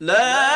لا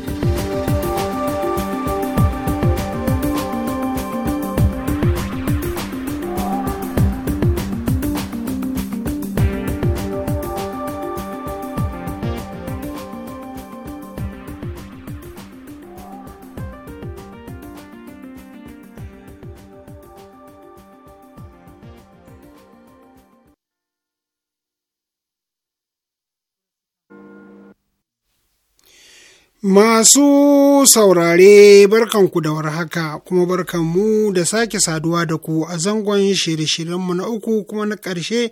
Masu saurare barkanku da warhaka kuma barkanmu da sake saduwa da ku a zangon shirye-shiryenmu na uku kuma na ƙarshe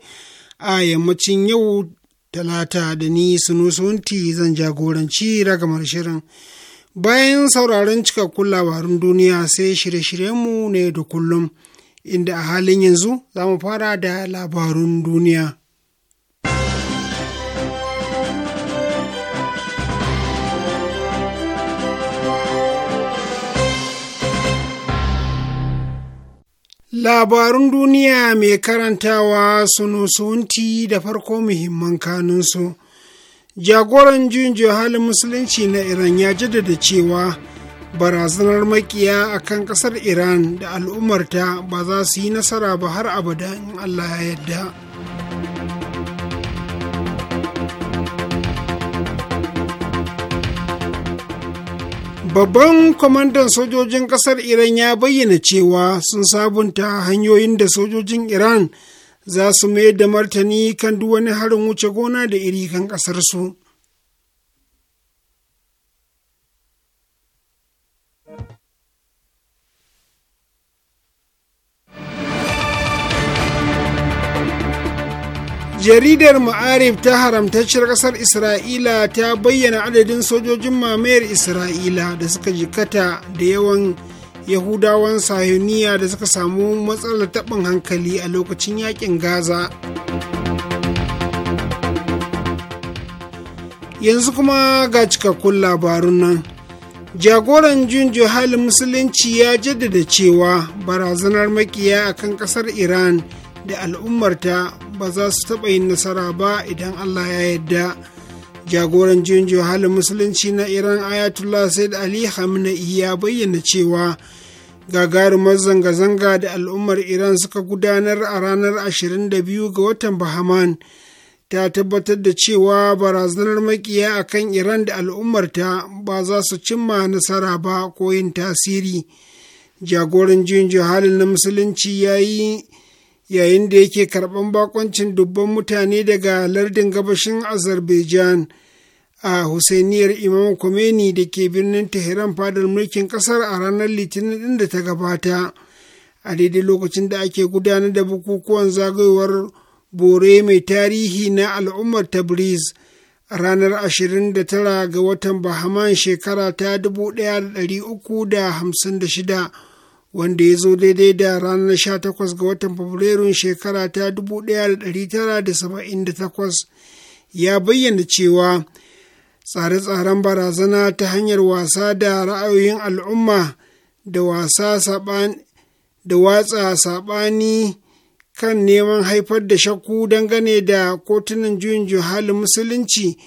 a yammacin yau talata da ni sunusunti zan jagoranci ragamar shirin. Bayan sauraron cikakkun labarun duniya sai shirye-shiryenmu ne da kullum inda a halin yanzu za mu fara da labarun duniya. Labarun duniya mai karantawa sunu sunti da farko muhimman kanunsu. Jagoran juyin halin musulunci na Iran ya jaddada cewa barazanar makiya a kan ƙasar Iran da al'ummarta ba za su yi nasara ba har abada in Allah ya yadda. Babban kwamandan sojojin ƙasar Iran ya bayyana cewa sun sabunta hanyoyin da sojojin Iran za su mayar da martani kan duk wani harin wuce gona da iri kan ƙasarsu. jaridar ma'arif ta haramtacciyar kasar isra'ila ta bayyana adadin sojojin mamayar isra'ila da suka jikata da yawan yahudawan sahuniya da suka samu matsalar taɓin hankali a lokacin yakin gaza yanzu kuma ga cikakkun labarun nan jagoran jun halin musulunci ya jaddada cewa barazanar makiya akan kasar iran da al'ummarta ba za su taɓa yin nasara ba idan Allah ya yarda. Jagoran jinjo halin musulunci na Iran Ayatollah Said Ali Khamenei ya bayyana cewa gagarumar zanga-zanga da al'ummar Iran suka gudanar a ranar 22 ga watan Bahaman ta tabbatar da cewa barazanar makiya a kan Iran da al'ummarta ba za su cimma nasara ba ko yin tasiri. Jagoran juyin halin na Musulunci ya yi yayin da yake karɓan bakoncin dubban mutane daga lardin gabashin azerbaijan a husainiyar imam Khomeini da ke birnin tehran fadar mulkin ƙasar a ranar litinin ɗin da ta gabata a daidai lokacin da ake gudanar da bukukuwan zagayowar bore mai tarihi na al'ummar tabriz ranar 29 ga watan bahaman shekara ta 1356 wanda ya zo daidai da ranar 18 ga watan fabrairun shekara ta 1978 ya bayyana cewa tsare-tsaren barazana ta hanyar wasa da ra'ayoyin al'umma da wasa da watsa saɓani kan neman haifar da shakku dangane da kotunan juyin juhalin musulunci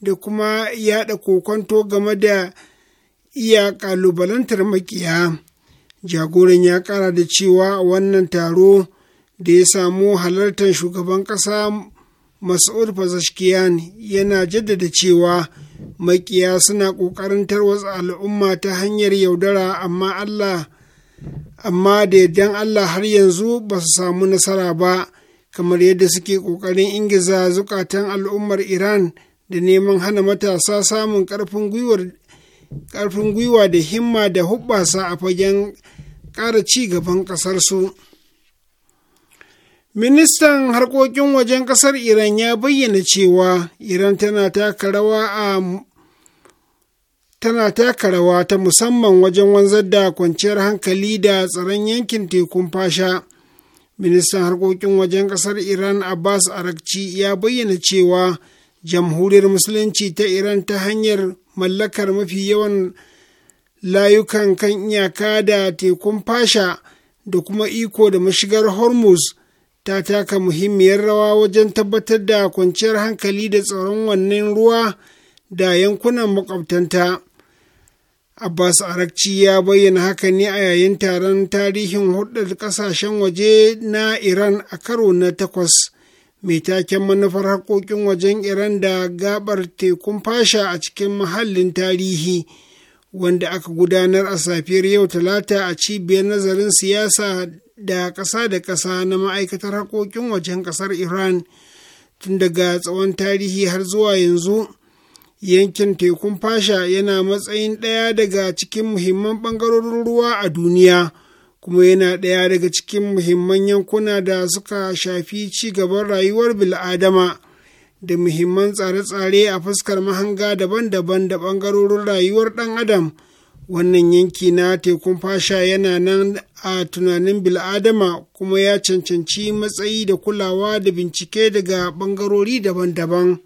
da kuma yaɗa kokonto game da iya ƙalubalantar makiya. jagoran ya kara da cewa wannan taro da ya samu halartar shugaban kasa mas'ud pazashkiyan yana jaddada cewa makiya suna ƙoƙarin tarwatsa al'umma ta hanyar yaudara amma allah amma da yardan allah har yanzu ba su samu nasara ba kamar yadda suke ƙoƙarin ingiza zukatan al'ummar iran da neman hana matasa samun ƙarfin gwiwa da himma da hubbasa a fagen ƙara ci gaban ƙasarsu. Ministan harkokin wajen ƙasar Iran ya bayyana cewa Iran tana taka rawa a tana taka rawa ta musamman wajen wanzar da kwanciyar hankali da tsaron yankin tekun fasha. Ministan harkokin wajen ƙasar Iran Abbas Arakci ya bayyana cewa jamhuriyar Musulunci ta Iran ta hanyar mallakar mafi yawan layukan kan iyaka da tekun fasha da kuma iko da mashigar hormuz ta taka muhimmiyar rawa wajen tabbatar da kwanciyar hankali da tsaron wannan ruwa da yankunan makwabtanta abbas arakci ya bayyana haka ne a yayin taron tarihin hudar kasashen waje na iran a karo na takwas mai taken manufar harkokin wajen iran da gabar tekun fasha a cikin mahallin tarihi. wanda aka gudanar a safiyar yau talata a cibiyar nazarin siyasa da ƙasa da ƙasa na ma'aikatar haƙoƙin wajen ƙasar iran tun daga tsawon tarihi har zuwa yanzu yankin tekun fasha yana matsayin ɗaya daga cikin muhimman ɓangarorin ruwa a duniya kuma yana ɗaya daga cikin muhimman yankuna da suka shafi ci gaban rayuwar bil'adama. da muhimman tsare-tsare a fuskar mahanga daban-daban da ɓangarorin rayuwar ɗan adam wannan yanki na tekun fasha yana nan a tunanin bil'adama kuma ya cancanci matsayi da kulawa da bincike daga ɓangarori daban-daban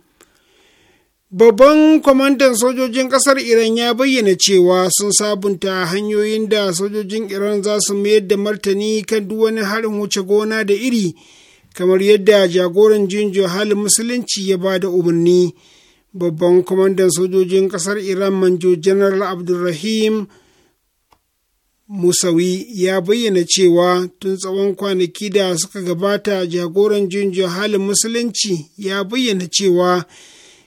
babban kwamandan sojojin ƙasar iran ya bayyana cewa sun sabunta hanyoyin da sojojin iran za su mayar da martani kan duk wani harin wuce gona da iri kamar yadda jagoran jinjo halin musulunci ya ba da umarni babban kwamandan sojojin kasar iran manjo general abdulrahim musawi ya bayyana cewa tun tsawon kwanaki da suka gabata jagoran jinjo halin musulunci ya bayyana cewa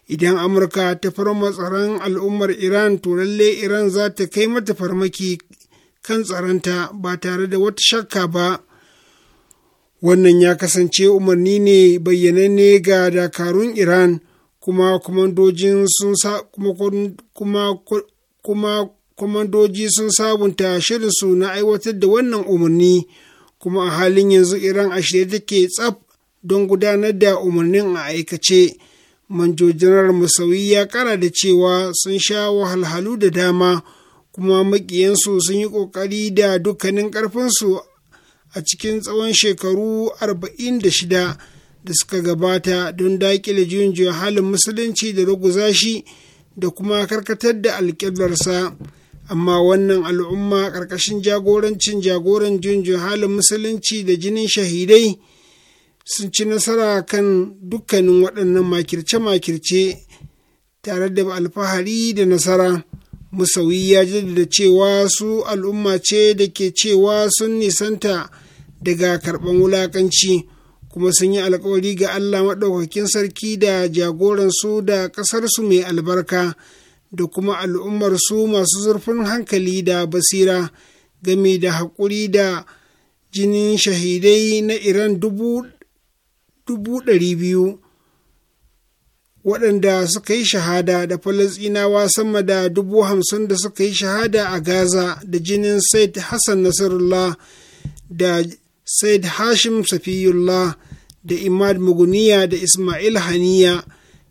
idan amurka ta farma tsaron al'ummar iran to lalle iran za ta kai mata farmaki kan tsaronta ba tare da wata shakka ba wannan ya kasance umarni ne bayyananne ga dakarun iran kuma kwamandojin sun sa kuma kuma kwamandoji sun sabunta shirinsu na aiwatar da wannan umarni kuma a halin yanzu iran a shirye take tsaf don gudanar da umarnin a aikace manjojinar musawi ya kara da cewa sun sha wahalhalu da dama kuma makiyansu sun yi ƙoƙari da dukkanin karfinsu. a cikin tsawon shekaru 46 da suka gabata don daƙile juyin halin musulunci da ruguza shi da kuma karkatar da alƙiblarsa amma wannan al'umma ƙarƙashin jagorancin jagoran halin musulunci da jinin shahidai sun ci nasara kan dukkanin waɗannan makirce-makirce tare da alfahari da nasara. musawi ya jaddada cewa su al'umma ce da ke cewa sun nisanta daga karɓan wulaƙanci kuma sun yi alkawari ga allah maɗaukakin sarki da jagoransu da ƙasarsu mai albarka da kuma al'ummarsu masu zurfin hankali da basira game da haƙuri da jinin shahidai na iran dubu ɗari biyu waɗanda suka yi shahada da falasinawa sama da dubu hamsin da suka yi shahada a gaza da jinin said hassan nasarullah da said hashim safiyullah da imad muguniya da ismail haniya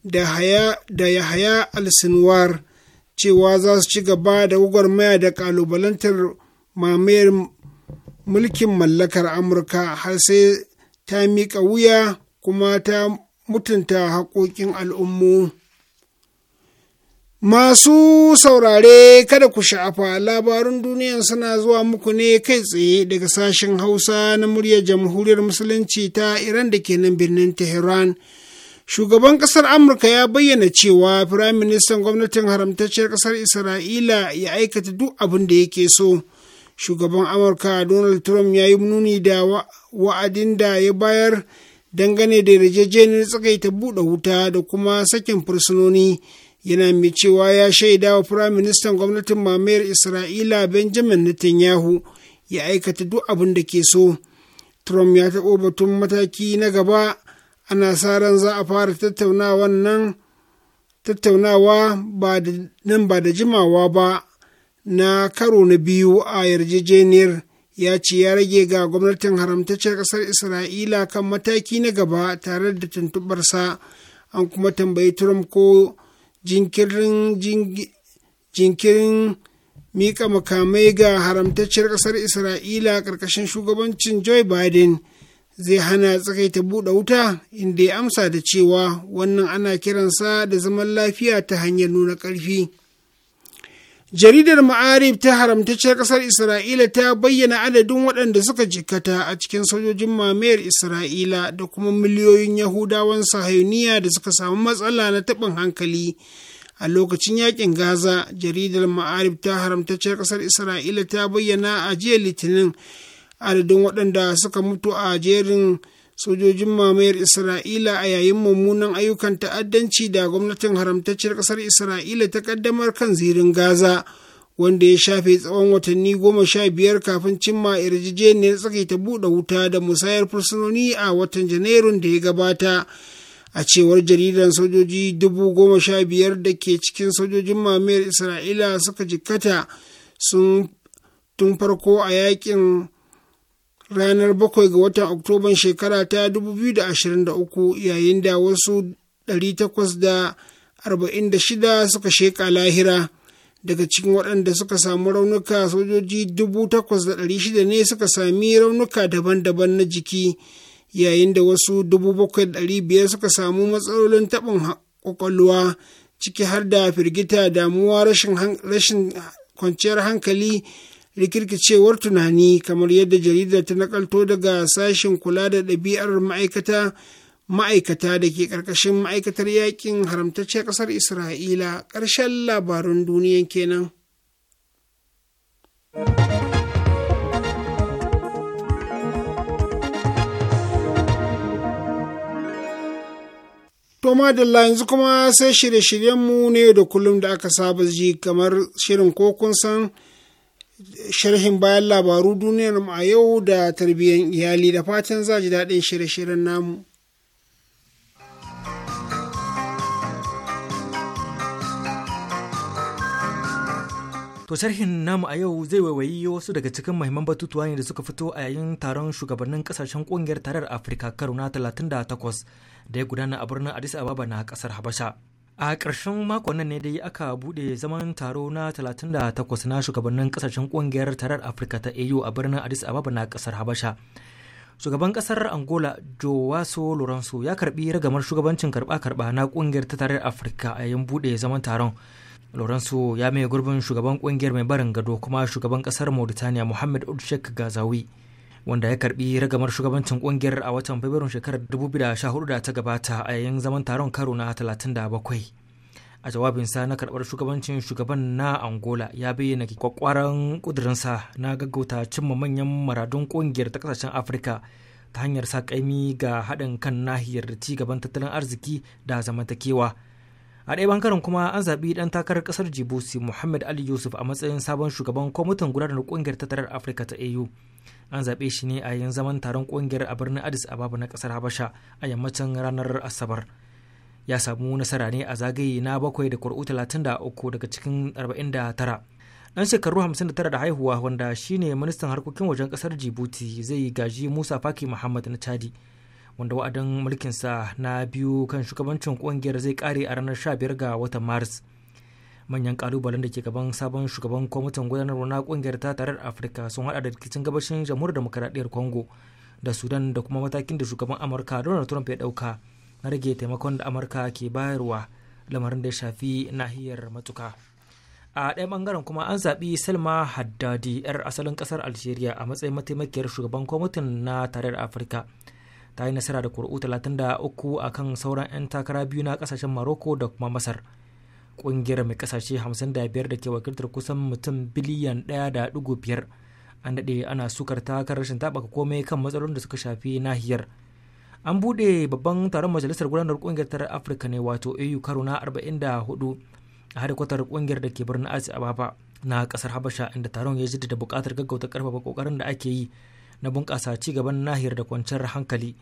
da yahaya al-sinwar cewa za su ci gaba da gwagwarmaya da ƙalubalantar mamayar mulkin mallakar amurka har sai ta miƙa wuya kuma ta mutunta haƙoƙin al'ummu. Masu saurare kada ku sha'afa labarun duniya suna zuwa muku ne kai tsaye daga sashen Hausa na muryar Jamhuriyar Musulunci ta Iran da ke nan birnin Tehran. Shugaban ƙasar Amurka ya bayyana cewa Firaministan gwamnatin haramtacciyar ƙasar Isra'ila ya aikata duk abin da yake so. Shugaban Amurka Donald Trump ya yi nuni da wa'adin da ya bayar. dangane da yarjejeniyar tsakaita buɗe wuta da kuma sakin fursunoni yana mai cewa ya shaida wa firaministan gwamnatin mamayar isra'ila benjamin netanyahu ya aikata duk abin da ke so trump ya taɓo batun mataki na gaba ana sa ran za a fara tattaunawa tattaunawa nan ba da jimawa ba na karo na biyu a yarjejeniyar ya ce ya rage ga gwamnatin haramtaccen ƙasar isra'ila kan mataki na gaba tare da tuntubarsa an kuma tambayi trump ko jinkirin jinkirin mika makamai ga haramtacciyar ƙasar isra'ila ƙarƙashin shugabancin joe biden zai hana tsakaita buɗe wuta inda ya amsa da cewa wannan ana kiransa da zaman lafiya ta hanyar nuna ƙarfi. Jaridar Ma'arib ta haramtacciyar ƙasar Isra'ila ta bayyana adadin waɗanda suka jikkata a cikin sojojin mamayar Isra'ila da kuma miliyoyin Yahudawan sahayuniya da suka samu matsala na taɓin hankali. A lokacin yakin Gaza, jaridar Ma'arib ta haramtacciyar ƙasar Isra'ila ta bayyana a jiya Litinin adadin waɗanda suka mutu a jerin sojojin mamayar isra'ila a yayin mummunan ayyukan ta'addanci da gwamnatin haramtacciyar ƙasar isra'ila ta ƙaddamar kan zirin gaza wanda ya shafe tsawon watanni goma sha biyar kafin cimma yarjejeniyar ta buɗe wuta da musayar fursunoni a watan janairun da ya gabata a cewar jaridar sojoji dubu goma sha biyar da ke cikin sojojin mamayar isra'ila suka jikkata sun tun farko a yakin ranar 7 ga watan Oktoban shekara ta 2023 yayin da wasu 846 suka sheka lahira. Daga cikin waɗanda suka samu raunuka sojoji 8,600 ne suka sami raunuka daban-daban na jiki yayin da wasu 7,500 suka samu matsalolin taɓin ƙwaƙwalwa ciki har da firgita damuwa rashin kwanciyar hankali rikirkicewar tunani kamar yadda jaridar ta nakalto daga sashen kula da ɗabi'ar ma'aikata ma'aikata da ke ƙarƙashin ma'aikatar yakin haramtacce ƙasar isra'ila ƙarshen labarun duniyan kenan. To madalla yanzu kuma sai shirye-shiryenmu ne da kullum da aka saba ji kamar shirin ko kun san sharhin bayan labaru duniyar mu a yau da tarbiyyar iyali da fatan za ji daɗin shirye-shiryen namu. To sharhin namu a yau zai waiwayi wasu daga cikin mahimman batutuwa ne da suka fito a yayin taron shugabannin kasashen kungiyar tarar Afirka karo na 38 da ya gudana a birnin Addis Ababa na kasar Habasha. a ƙarshen makon nan ne dai aka buɗe zaman taro na 38 na shugabannin ƙasashen ƙungiyar tarar afirka ta au a birnin addis ababa na ƙasar habasha shugaban ƙasar angola Joao lorenzo ya karɓi ragamar shugabancin karɓa-karɓa na ƙungiyar ta tarar afirka a yayin buɗe zaman taron lorenzo ya mai gurbin shugaban ƙungiyar mai barin gado kuma shugaban ƙasar mauritania muhammad sheikh gazawi wanda ya karbi ragamar shugabancin kungiyar a watan fabrairun shekarar 2014 da ta gabata a yayin zaman taron karo na 37 a jawabinsa na karbar shugabancin shugaban na angola ya bayyana kwakwaran kudurinsa na gaggauta cimma manyan maradun kungiyar ta kasashen afirka ta hanyar sa kaimi ga haɗin kan nahiyar ci gaban tattalin arziki da zamantakewa a ɗaya bangaren kuma an zaɓi ɗan takarar ƙasar jibusi muhammad ali yusuf a matsayin sabon shugaban kwamitin gudanar kungiyar tattalin afirka ta au an zaɓe shi ne a yin zaman taron ƙungiyar a birnin addis ababa na ƙasar habasha a yammacin ranar asabar ya samu nasara ne a zagaye na bakwai da da uku daga cikin 49 ɗan shekaru 59 da haihuwa wanda ne ministan harkokin wajen ƙasar jibuti zai gaji musa faki muhammad na chadi wanda wa'adin mulkinsa na biyu kan shugabancin ƙungiyar zai ƙare a ranar sha biyar ga watan maris manyan kalubalen da ke gaban sabon shugaban kwamitin gudanarwa na kungiyar ta tarar afirka sun hada da rikicin gabashin jamhuriyar demokaradiyyar congo da sudan da kuma matakin da shugaban amurka donald trump ya dauka na rage taimakon da amurka ke bayarwa lamarin da ya shafi nahiyar matuka a ɗaya bangaren kuma an zaɓi salma haddadi 'yar asalin ƙasar algeria a matsayin mataimakiyar shugaban kwamitin na tarayyar afirka ta yi nasara da kuri'u 33 a kan sauran 'yan takara biyu na kasashen maroko da kuma masar kungiyar mai kasashe 55 da ke wakiltar kusan mutum biliyan 1.5 an daɗe ana sukar ta kan rashin taɓaka komai kan matsalolin da suka shafi nahiyar an buɗe babban taron majalisar gudanar kungiyar ta afirka ne wato au karo na 44 a hadikwatar ƙungiyar da ke birnin addis ababa na ƙasar habasha inda taron ya da buƙatar gaggauta ƙarfafa ƙoƙarin da ake yi na bunƙasa ci gaban nahiyar da kwanciyar hankali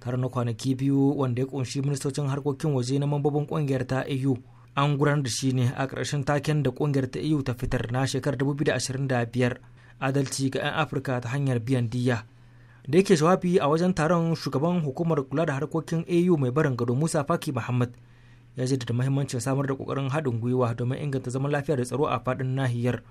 taron na kwanaki biyu wanda ya ƙunshi ministocin harkokin waje na mambobin kungiyar ta au an gudanar da shi ne a ƙarshen taken da ƙungiyar ta eu ta fitar na shekarar 2025 adalci ga 'yan afirka ta hanyar biyan diya da yake jawabi a wajen taron shugaban hukumar kula da harkokin au e mai barin gado musa faki muhammad ya jaddada mahimmancin samar da ƙoƙarin haɗin gwiwa domin inganta zaman lafiya da tsaro a faɗin nahiyar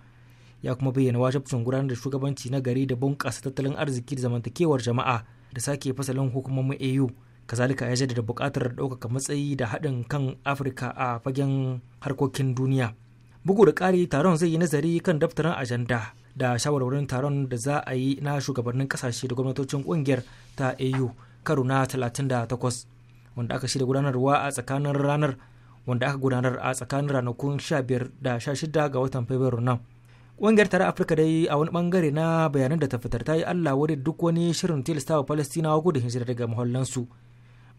ya kuma bayyana wajibcin gudanar da shugabanci na gari da bunƙasa tattalin arziki da zamantakewar jama'a da sake fasalin hukumomin au e kazalika ya jaddada bukatar ɗaukaka matsayi da haɗin kan afirka a fagen harkokin duniya bugu da ƙari taron zai yi nazari kan daftarin ajanda da shawarwarin taron da za a yi na shugabannin ƙasashe da gwamnatocin ƙungiyar ta au karo na 38 wanda aka shirya gudanarwa a tsakanin ranar wanda aka gudanar a tsakanin ranakun 15 da 16 ga watan fabrairu nan ƙungiyar tare afirka dai a wani bangare na bayanan da ta fitar ta yi allah wani duk wani shirin tilastawa palestinawa gudun hijira daga muhallansu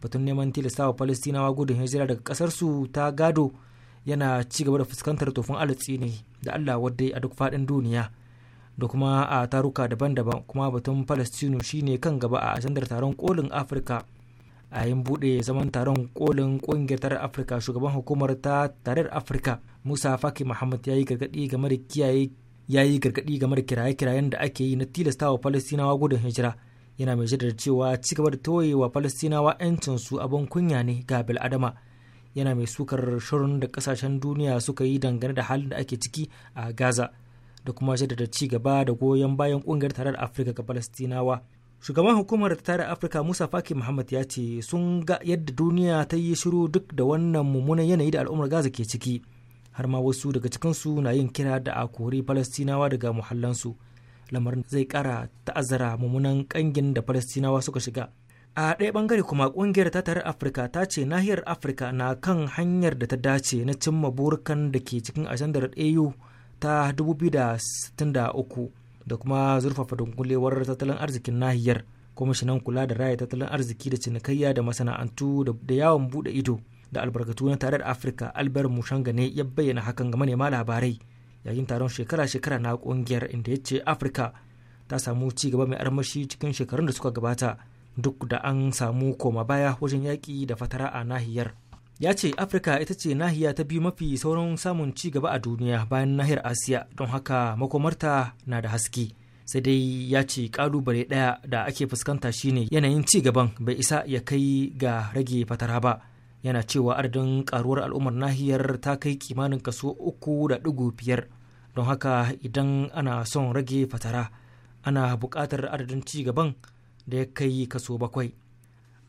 batun neman tilastawa palestinawa gudun hijira daga kasar su ta gado yana ci gaba da fuskantar tofin alatsi ne da allah wadda a duk fadin duniya da kuma a taruka daban-daban kuma batun palestino shine kan gaba a ajandar taron kolin afirka a yin buɗe zaman taron kolin ƙungiyar tarar afirka shugaban hukumar ta tarar afirka musa faki muhammad ya yi gargaɗi game da kiyaye kiraye-kirayen da ake yi na tilastawa palestinawa gudun hijira yana mai shaidar cewa ci gaba da toyewa falastinawa su abin kunya ne ga bil'adama yana mai sukar shirin da kasashen duniya suka yi dangane da halin da ake ciki a gaza da kuma shaidar ci gaba da goyon bayan kungiyar tarar afirka ga falastinawa shugaban hukumar tarar afirka musa faki muhammad ya ce sun ga yadda duniya ta yi shiru duk da wannan mummunan yanayi da al'ummar gaza ke ciki har ma wasu daga cikinsu na yin kira da a kori falastinawa daga muhallansu lamarin zai kara ta'azzara mummunan kangin da falastinawa suka shiga a ɗaya bangare kuma ƙungiyar tatarar afirka ta ce nahiyar afirka na kan hanyar da ta dace na cimma burukan da ke cikin ajandar au ta 2063 da kuma zurfafa dunkulewar tattalin arzikin nahiyar kwamishinan kula da raya tattalin arziki da cinikayya da masana'antu da yawon bude ido da albarkatu na da afirka albert mushanga ne ya bayyana hakan ga manema labarai yayin taron shekara-shekara na kungiyar inda ya ce afirka ta samu ci gaba mai armashi cikin shekarun da suka gabata duk da an samu koma baya wajen yaƙi da fatara a nahiyar ya ce afirka ita ce nahiya ta biyu mafi sauran samun ci gaba a duniya bayan nahiyar asiya don haka makomarta na da haske sai dai ya ce kalubale ɗaya da ake fuskanta shine yanayin ci gaban bai isa ya kai ga rage fatara ba yana cewa adadin karuwar al'ummar nahiyar ta kai kimanin kaso uku da ɗigo biyar don haka idan ana son rage fatara ana buƙatar adadin ci gaban da ya kai kaso bakwai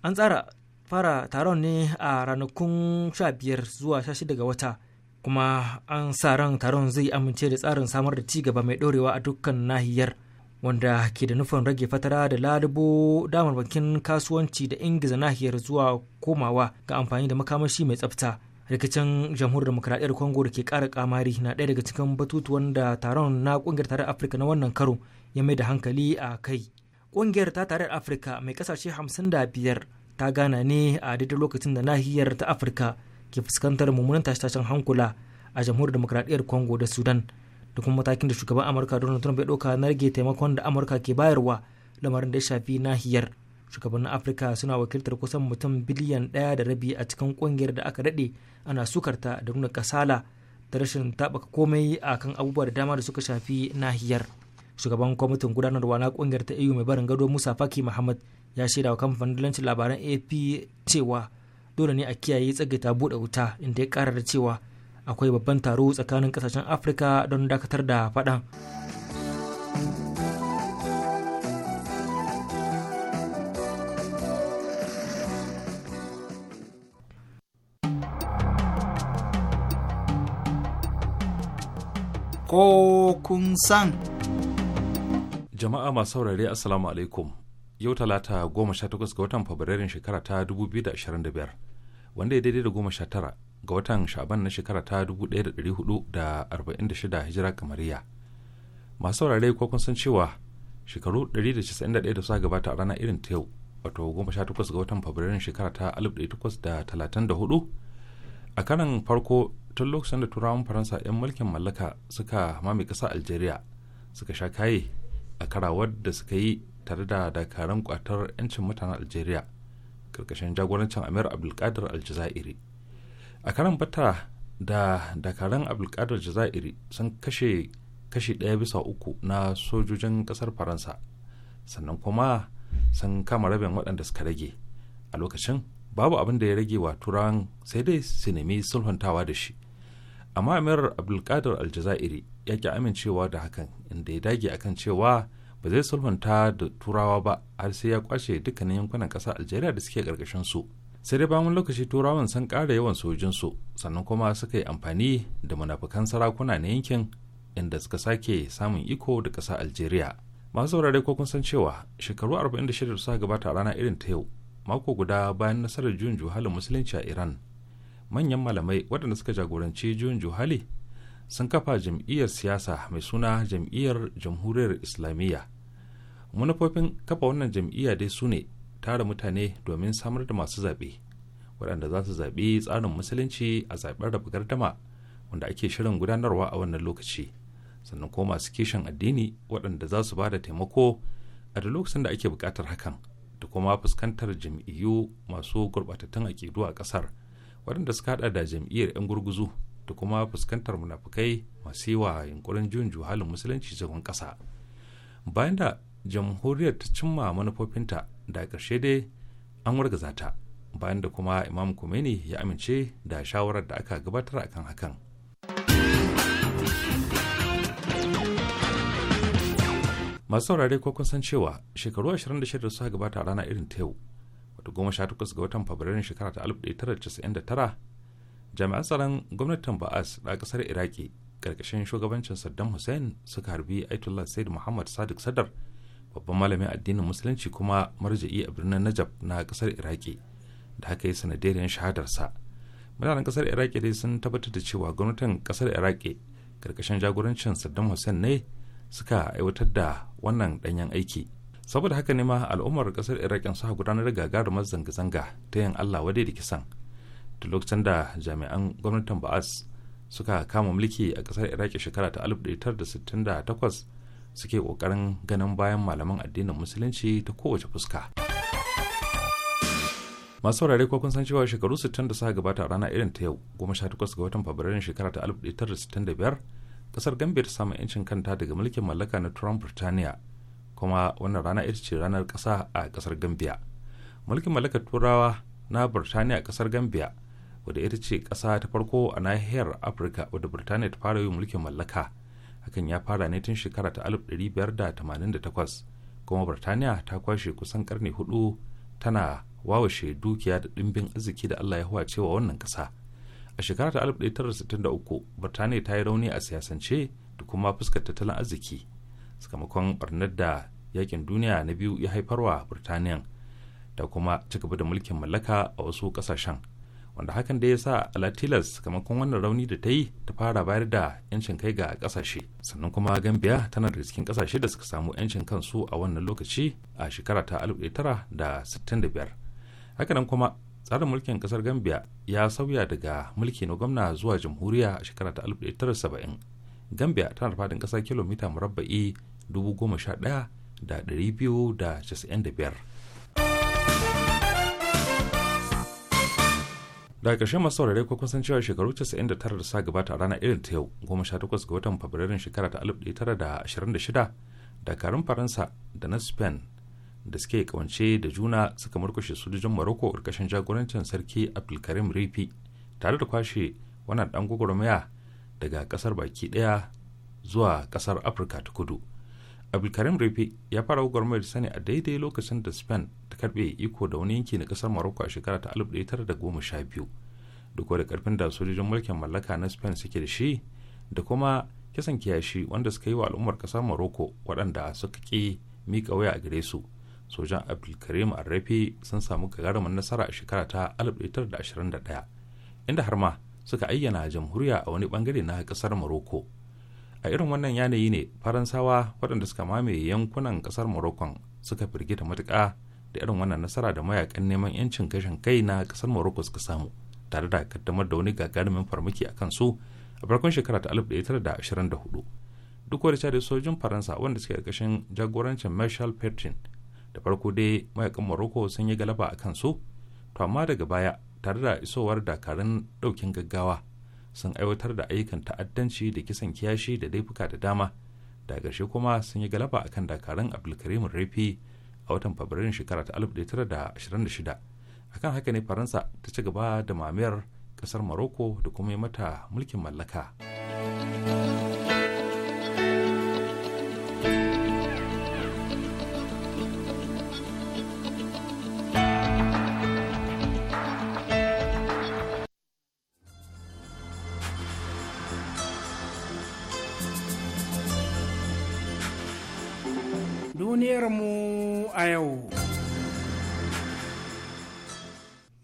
an tsara fara taron ne a ranakun 15 zuwa 16 ga wata kuma an sa ran taron zai amince da tsarin samar da ci gaba mai ɗorewa a dukkan nahiyar wanda ke da nufin rage fatara da lalubo damar bakin kasuwanci da ingiza nahiyar zuwa komawa ga amfani da makamashi mai tsafta rikicin jamhuriyar demokradiyyar congo da ke kara kamari na ɗaya daga cikin batutuwan da taron na kungiyar tarayyar afirka na wannan karo ya mai da hankali a kai kungiyar ta da afirka mai kasashe 55 ta gana ne a daidai lokacin da nahiyar ta afirka ke fuskantar mummunan tashe-tashen hankula a jamhuriyar demokradiyyar congo da sudan da kuma matakin da shugaban amurka donald trump ya ɗauka na rage taimakon da amurka ke bayarwa lamarin da ya shafi nahiyar shugabannin afirka suna wakiltar kusan mutum biliyan ɗaya da rabi a cikin ƙungiyar da aka daɗe ana sukarta da nuna kasala da rashin taɓaka komai a kan abubuwa da dama da suka shafi nahiyar shugaban kwamitin gudanarwa na ƙungiyar ta eu mai barin gado musa faki muhammad ya shaida wa kamfanin dalancin labaran ap cewa dole ne a kiyaye tsagaita buɗe wuta inda ya ƙara da cewa akwai babban taro tsakanin ƙasashen afirka don dakatar da faɗan. ko kun san. Jama'a masu saurare Assalamu alaikum. Yau talata goma sha takwas ga watan Fabrairun shekara ta dubu biyu da ashirin da biyar, wanda ya daidai da goma sha tara ga watan Shaban na shekara ta dubu ɗaya da ɗari hudu da arba'in da shida hijira kamariya. Masu saurare ko kun san cewa shekaru ɗari da casa'in da ɗaya da suka gabata a rana irin ta yau wato goma sha takwas ga watan Fabrairun shekara ta alif ɗaya takwas da talatin da hudu a karan farko tun lokacin da turawan faransa 'yan mulkin mallaka suka mame ƙasa algeria suka sha kaye a karawar da suka yi tare da dakarun kwatar 'yancin mutanen algeria ƙarƙashin jagorancin amir abdulkadir aljazairi a karan bata da dakarun abdulkadir aljazairi sun kashe kashi ɗaya bisa uku na sojojin ƙasar faransa sannan kuma sun kama rabin waɗanda suka rage a lokacin babu abin da ya rage wa turan sai dai su nemi sulhuntawa da shi amma amir abdulkadir aljazairi ya ki amincewa da hakan inda ya dage akan cewa ba zai sulhunta da turawa ba har sai ya kwashe dukkanin yankunan ƙasar algeria da suke karkashin su sai dai bayan lokaci turawan sun ƙara yawan su sannan kuma suka yi amfani da munafukan sarakuna na yankin inda suka sake samun iko da ƙasar algeria masu saurare ko kun san cewa shekaru 46 da suka gabata a rana irin ta yau mako guda bayan nasarar juyin juhalin musulunci a iran manyan malamai waɗanda suka jagoranci juyin juhali sun kafa jam'iyyar siyasa mai suna jam'iyyar jamhuriyar islamiyya manufofin kafa wannan jam'iyya dai su ne tara mutane domin samar da masu zaɓe waɗanda za su zaɓi tsarin musulunci a zaɓen da gardama wanda ake shirin gudanarwa a wannan lokaci sannan ko masu kishin addini waɗanda za su ba da taimako a da lokacin da ake buƙatar hakan da kuma fuskantar jam'iyyu masu gurbatattun aƙidu a ƙasar waɗanda suka haɗa da jam'iyyar 'yan gurguzu da kuma fuskantar munafukai masu yawa yunkurin juyin juhalin musulunci zagon ƙasa bayan da jamhuriyar ta cimma manufofinta da ƙarshe dai an wargaza ta bayan da kuma imam kumeni ya amince da shawarar da aka gabatar akan hakan masu saurare ko kun san cewa shekaru 26 suka gabata a rana irin ta yau wato 18 ga watan fabrairun shekara ta 1999 jami'an tsaron gwamnatin ba'as da kasar iraki karkashin shugabancin saddam hussein suka harbi aitullah said muhammad sadiq sadar babban malamin addinin musulunci kuma marja'i a birnin najab na kasar iraki da haka yi sanadiyar shahadarsa mutanen kasar iraki dai sun tabbatar da cewa gwamnatin kasar iraki karkashin jagorancin saddam hussein ne suka aiwatar da wannan danyen aiki saboda haka ne ma al'ummar ƙasar iraqin suka gudanar da gagarumar zanga-zanga ta yin allah wadai da kisan da lokacin da jami'an gwamnatin ba'as suka kama mulki a kasar iraq shekara ta 1968 suke ƙoƙarin ganin bayan malaman addinin musulunci ta kowace fuska masu saurare ko kun san cewa shekaru 60 da suka gabata a rana irin ta yau 18 ga watan fabrairun shekara ta 1965 kasar gambia ta samu 'yancin kanta daga mulkin mallaka na turan birtaniya kuma wannan rana ita ce ranar kasa a kasar gambia mulkin mallaka turawa na birtaniya a kasar gambia wadda ita ce kasa ta farko a nahiyar afirka wadda birtaniya ta fara yin mulkin mallaka hakan ya fara ne tun shekara ta 1588 kuma birtaniya ta kwashe kusan karni hudu tana wawashe dukiya da dimbin arziki da allah ya huwace wa wannan kasa a shekara ta 1963 birtaniya ta yi rauni a siyasance da kuma fuskar tattalin arziki sakamakon barnar da yakin duniya na biyu ya haifarwa birtaniya da kuma ci gaba da mulkin mallaka a wasu kasashen wanda hakan da ya sa alatilas sakamakon wannan rauni da ta yi ta fara bayar da yancin kai ga kasashe sannan kuma gambia tana da cikin kasashe da suka samu yancin kansu a wannan lokaci a shekara ta 1965 hakanan kuma tsarin mulkin kasar gambia ya sauya daga mulki na gwamna zuwa jamhuriya a shekara ta 1970 gambia tana faɗin ƙasa kilomita murabba'i 11,295 daga ƙarshe masu saurare ko kusan cewa shekaru 99 da sa gabata a ranar irin ta yau 18 ga watan fabrairun shekara ta 1926 dakarun faransa da na spain da suke kawance da juna suka murkushe sojojin morocco ƙarƙashin jagorancin sarki abdulkarim rifi tare da kwashe wannan ɗan gwagwarmaya daga ƙasar baki ɗaya zuwa ƙasar afirka ta kudu abdulkarim rifi ya fara gwagwarmayar sani a daidai lokacin da spain ta karɓe iko da wani yanki na ƙasar morocco a shekara ta 1912 duk da karfin da sojojin mulkin mallaka na spain suke da shi da kuma kisan kiyashi wanda suka yi wa al'ummar ƙasar maroko waɗanda suka ƙi mika waya a gare su sojan abdulkarim arrafe sun samu gagarumin nasara a shekara ta 1921 inda har ma suka ayyana jamhuriya a wani bangare na kasar morocco a irin wannan yanayi ne faransawa waɗanda suka mamaye yankunan kasar morocco suka firgita matuka da irin wannan nasara da mayakan neman yancin gashin kai na kasar morocco suka samu tare da kaddamar da wani gagarumin farmaki a kansu a farkon shekara ta 1924 duk wani da sojin faransa wanda suke ƙarƙashin jagorancin marshal petrin da farko dai mayakan morocco sun yi galaba a kansu to amma daga baya tare da isowar dakarun daukin gaggawa sun aiwatar da ayyukan ta'addanci da kisan kiyashi da laifuka da dama da ƙarshe kuma sun yi galaba a kan dakarun abdulkarim rafi a watan fabrairun shekara ta 1926 akan haka ne faransa ta ci gaba da mamayar ƙasar morocco da kuma mata mulkin mallaka. duniyarmu a yau.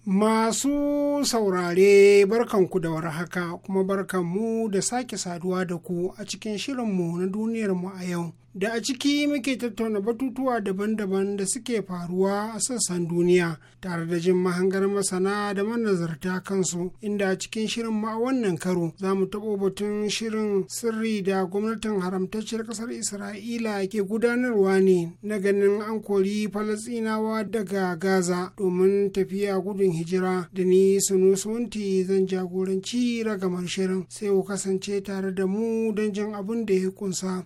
Masu saurare barkanku da warhaka kuma barkanmu da sake saduwa da ku a cikin shirin mu na duniyar mu a yau. da a ciki muke tattauna batutuwa daban-daban da suke faruwa a sassan duniya tare da jin mahangar masana da manazarta kansu inda a cikin shirin ma wannan karo za mu taɓo batun shirin sirri da gwamnatin haramtacciyar ƙasar isra'ila ke gudanarwa ne na ganin an kori falasinawa daga gaza domin tafiya gudun hijira da ni sunti zan jagoranci ragamar shirin sai ku kasance tare da mu don jin abin da ya kunsa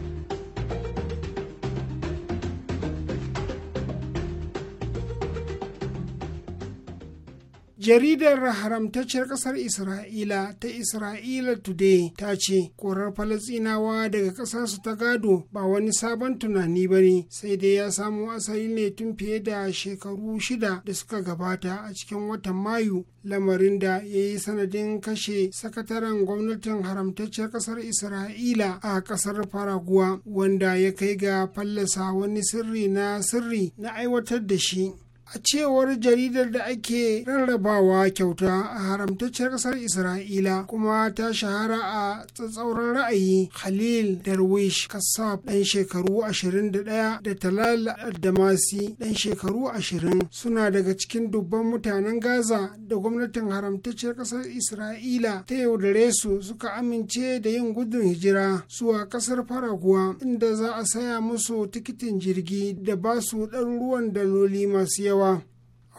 jaridar haramtacciyar kasar isra'ila ta isra'ila today ta ce korar falasinawa daga kasarsu ta gado ba wani sabon tunani ba ne sai dai ya samo asali ne tun fiye da shekaru shida da suka gabata a cikin watan mayu lamarin da ya yi sanadin kashe sakataren gwamnatin haramtacciyar kasar isra'ila a kasar faraguwa wanda ya kai ga fallasa wani sirri na sirri na aiwatar da shi a cewar jaridar da ake rarrabawa kyauta a haramtacciyar ƙasar isra'ila kuma ta shahara a tsatsauran ra'ayi khalil darwish kassab ɗan shekaru 21 da talal damasi ɗan shekaru 20 suna daga cikin dubban mutanen gaza da gwamnatin haramtacciyar ƙasar isra'ila ta yaudare su suka amince da yin gudun hijira zuwa ƙasar faraguwa inda za a saya musu tikitin jirgi da ba su ɗaruruwan daloli masu yawa Power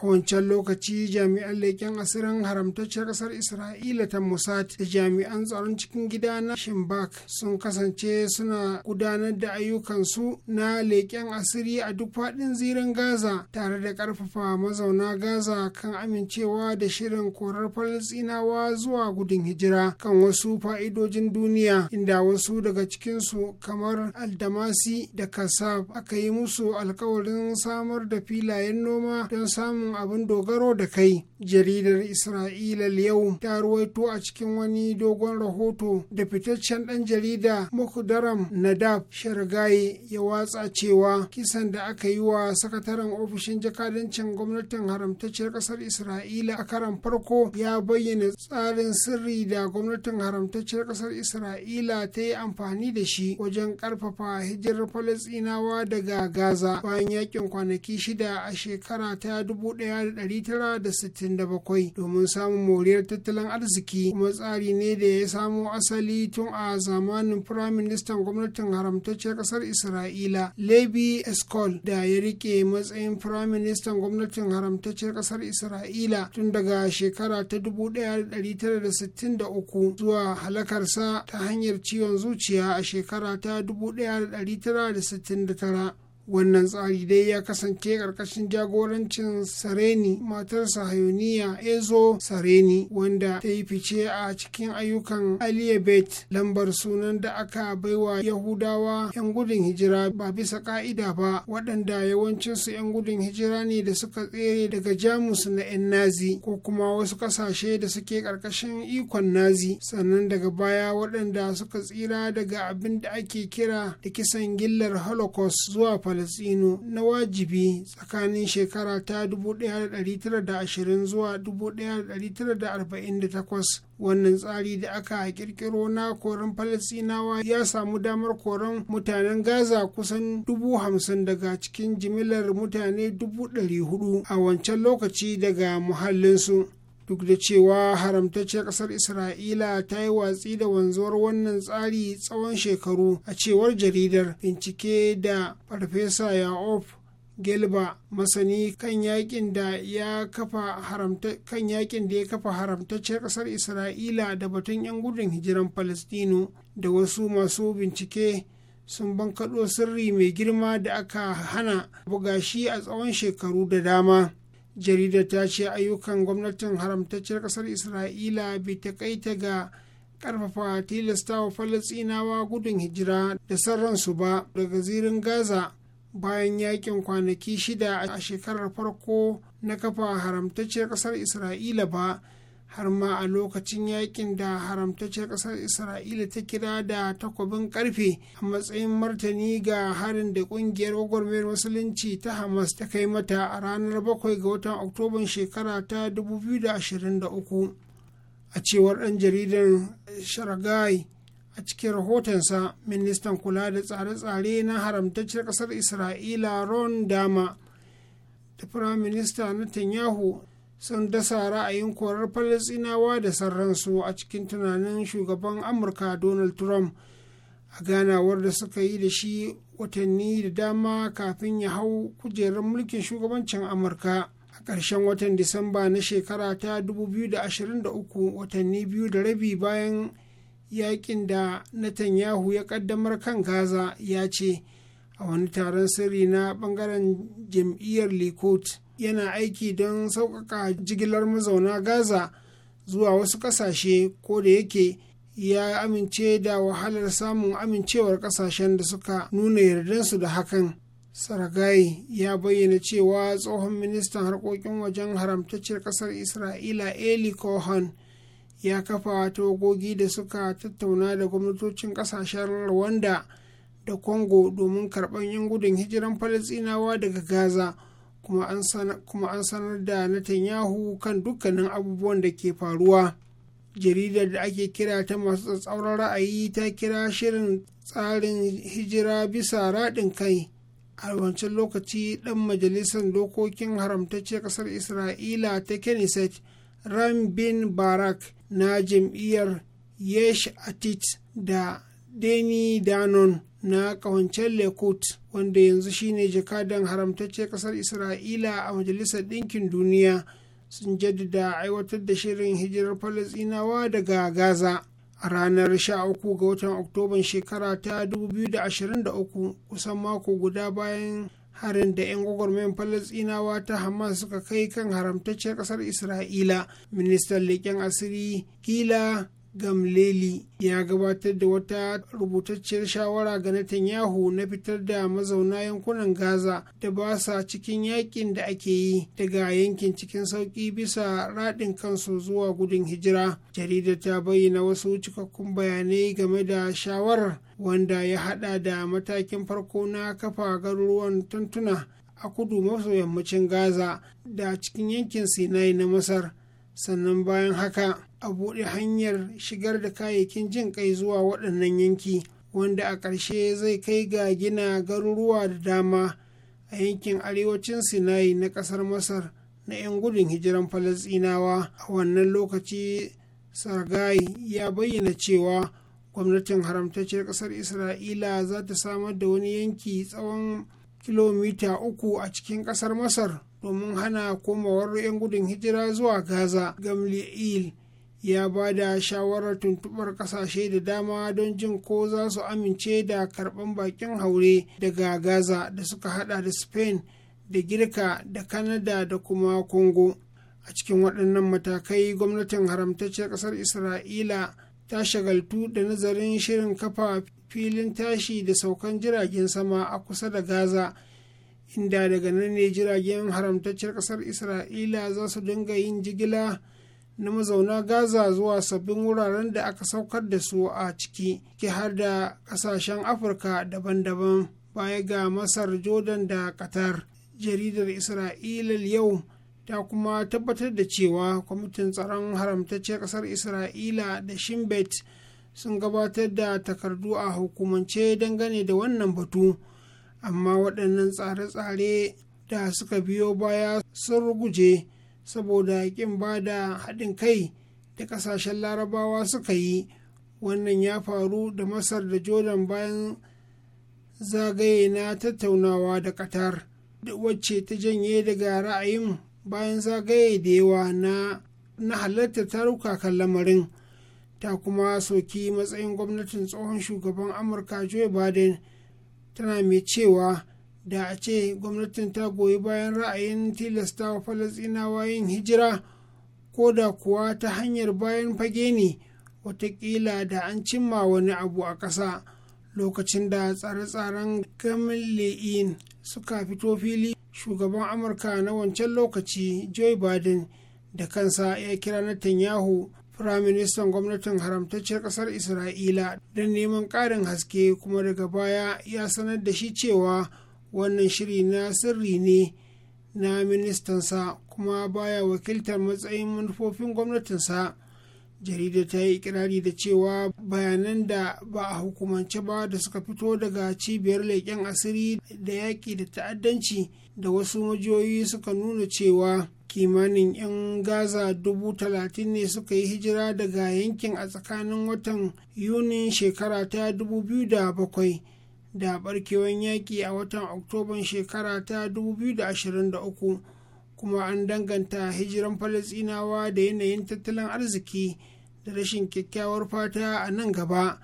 a wancan lokaci jami'an leƙen asirin haramtacciyar ƙasar isra'ila ta mossad da jami'an tsaron cikin gida na shimbak sun kasance suna gudanar da ayyukansu na leƙen asiri a duk faɗin zirin gaza tare da ƙarfafa mazauna gaza kan amincewa da shirin korar falasɗinawa zuwa gudun hijira kan wasu fa'idojin duniya inda wasu daga cikinsu kamar aldamasi da kasab aka yi musu alkawarin samar da filayen noma don samun abin dogaro da kai jaridar isra'ila yau ta ruwaito a cikin wani dogon rahoto da fitaccen ɗan jarida makudaram nadab shargaye ya watsa cewa kisan da aka yi wa sakataren ofishin jakadancin gwamnatin haramtacciyar ƙasar isra'ila a karan farko ya bayyana tsarin sirri da gwamnatin haramtacciyar ƙasar isra'ila ta yi amfani da shi wajen ƙarfafa hijirar falasɗinawa daga gaza bayan yakin kwanaki shida a shekara ta dubu 1967 domin samun moriyar tattalin arziki kuma tsari ne da ya samo asali tun a zamanin firaministan gwamnatin haramtacce kasar isra'ila levi eskol da ya rike matsayin firaministan gwamnatin haramtacce kasar isra'ila tun daga shekara ta 1963 zuwa halakarsa ta hanyar ciwon zuciya a shekara ta 1969 wannan tsari dai ya kasance karkashin jagorancin sareni matarsa hayoniya ezo sareni wanda ta yi fice a cikin ayyukan aliyabet lambar sunan da aka baiwa yahudawa 'yan gudun hijira ba bisa ka'ida ba waɗanda yawancinsu 'yan gudun hijira ne da suka tsere daga jamus na 'yan nazi ko kuma wasu ƙasashe da suke karkashin ikon nazi sannan daga baya waɗanda suka tsira daga abin da ake kira da kisan gillar holocaust zuwa falasino na wajibi tsakanin shekara ta 1920 zuwa 1948 wannan tsari da aka kirkiro na koren falasinawa ya samu damar koren mutanen gaza kusan 50,000 daga cikin jimillar mutane dubu a wancan lokaci daga muhallinsu duk da cewa haramtacciyar ƙasar isra'ila ta yi watsi da wanzuwar wannan tsari tsawon shekaru a cewar jaridar bincike da farfesa yaof gelba masani kan yakin da ya kafa haramta haramtacciyar kasar isra'ila da batun yan gudun hijiran palestino da wasu masu bincike sun bankaɗo sirri mai girma da aka hana buga shi a tsawon shekaru da dama jaridar ta ce ayyukan gwamnatin haramtacciyar kasar isra'ila bai kaita ga karfafa wa falasinawa gudun hijira da su ba daga zirin gaza bayan yakin kwanaki shida a shekarar farko na kafa haramtacciyar kasar isra'ila ba har ma a lokacin yakin da haramtacciyar ƙasar isra'ila ta kira da takwabin karfe a matsayin martani ga harin da ƙungiyar gwagwarmayar musulunci ta hamas ta kai mata a ranar bakwai ga watan oktoban shekara ta 2023 a cewar ɗan jaridar sharagai a cikin rahotonsa ministan kula da tsare-tsare na haramtacciyar ƙasar isra'ila ron dama da firaminista netanyahu sun dasa ra'ayin korar falasinawa da sarransu a cikin tunanin shugaban amurka donald trump a ganawar da suka yi da shi watanni da dama kafin ya hau kujerar mulkin shugabancin amurka a ƙarshen watan disamba na shekara ta 2023 watanni biyu da rabi bayan yakin da netanyahu ya ƙaddamar kan gaza ya ce a wani taron sirri na ɓangaren jam'iyyar likud yana aiki don sauƙaƙa jigilar mazauna gaza zuwa wasu ƙasashe ko da yake ya amince da wahalar samun amincewar ƙasashen da suka nuna yardansu da hakan saragai ya bayyana cewa tsohon ministan harkokin wajen haramtacciyar ƙasar isra'ila eli cohen ya kafa tawagogi da suka tattauna da gwamnatocin ƙasashen rwanda da congo domin karɓar 'yan gudun hijiran falasinawa daga gaza kuma an sanar da Netanyahu kan dukkanin abubuwan da ke faruwa. Jaridar da ake kira ta masu tsatsauran ra'ayi ta kira shirin tsarin hijira bisa raɗin kai. A wancan lokaci ɗan majalisar dokokin haramtacce ƙasar Isra'ila ta Knesset Ram bin Barak na jam'iyyar Yesh Atit da Deni Danon. na kawancen lekut wanda yanzu shine jakadan haramtacce kasar isra'ila a majalisar ɗinkin duniya sun jaddada aiwatar da shirin hijirar falasinawa daga gaza a ranar 13 ga watan oktoban shekara ta 2023 kusan mako guda bayan harin da 'yan gwagwarmayan falasinawa ta hamas suka kai kan haramtacciyar kasar isra'ila ministan leƙen asiri gila Gamleli ya gabatar da wata rubutacciyar shawara ga Netanyahu na fitar da mazauna yankunan Gaza da ba sa cikin yakin da ake yi daga yankin cikin sauƙi bisa raɗin kansu zuwa gudun hijira. Jaridar ta bayyana wasu cikakkun bayanai game da shawarar wanda ya haɗa da matakin farko na kafa garuruwan tuntuna a kudu maso yammacin Gaza da cikin yankin Sinai na Masar. Sannan bayan haka a buɗe hanyar shigar da kayayyakin jin kai zuwa waɗannan yanki wanda a ƙarshe zai kai ga gina garuruwa da dama a yankin arewacin sinai na ƙasar masar na 'yan gudun hijiran Falasinawa. a wannan lokaci sargai ya bayyana cewa gwamnatin haramtacciyar ƙasar isra'ila za ta samar da wani yanki tsawon kilomita uku a cikin ƙasar masar domin hana komawar 'yan gudun hijira zuwa gaza gamli'il ya ba da shawarar tuntubar kasashe da dama don jin ko za su amince da karban bakin haure daga gaza da suka hada da spain da girka da canada da kuma congo a cikin waɗannan matakai gwamnatin haramtacciyar ƙasar isra'ila ta shagaltu da nazarin shirin kafa filin tashi da saukan jiragen sama a kusa da gaza inda daga nan ne jiragen haramtacciyar ƙasar isra'ila za su dinga yin jigila na mazauna gaza zuwa sabbin wuraren da aka saukar da su a ciki ke har da kasashen afirka daban-daban baya ga masar jordan da qatar jaridar isra'ila yau ta kuma tabbatar da cewa kwamitin tsaron haramtacciyar kasar isra'ila da shimbet sun gabatar da takardu a hukumance dangane da wannan batu amma waɗannan tsare-tsare da suka biyo baya sun ruguje saboda yakin ba da haɗin kai da ƙasashen larabawa suka yi wannan ya faru da masar da jordan bayan zagaye na tattaunawa da qatar wacce ta janye daga ra'ayin bayan zagaye da yawa na na taruka kan lamarin ta kuma soki matsayin gwamnatin tsohon shugaban amurka joe biden tana mai cewa da a ce gwamnatin ta goyi bayan ra'ayin tilasta wa falasinawa yin hijira ko da kuwa ta hanyar bayan fage ne watakila da an cimma wani abu a ƙasa lokacin da tsare-tsaren gamin suka fito fili shugaban amurka na wancan lokaci joe biden da kansa ya kira netanyahu firaministan gwamnatin haramtacciyar ƙasar isra'ila don neman ƙarin haske kuma daga baya ya sanar da shi cewa wannan shiri na sirri ne na ministansa kuma baya wakiltar matsayin manufofin gwamnatinsa jarida ta yi ikirari da cewa bayanan da ba a hukumance ba da suka fito daga cibiyar leƙen asiri da yaƙi da ta'addanci da wasu majiyoyi suka nuna cewa kimanin 'yan gaza dubu talatin ne suka yi hijira daga yankin a tsakanin watan yunin shekara ta 2007 da barkewan yaƙi a watan oktoban shekara ta 2023 kuma an danganta hijiran falasinawa da yanayin tattalin arziki da rashin kyakkyawar fata a nan gaba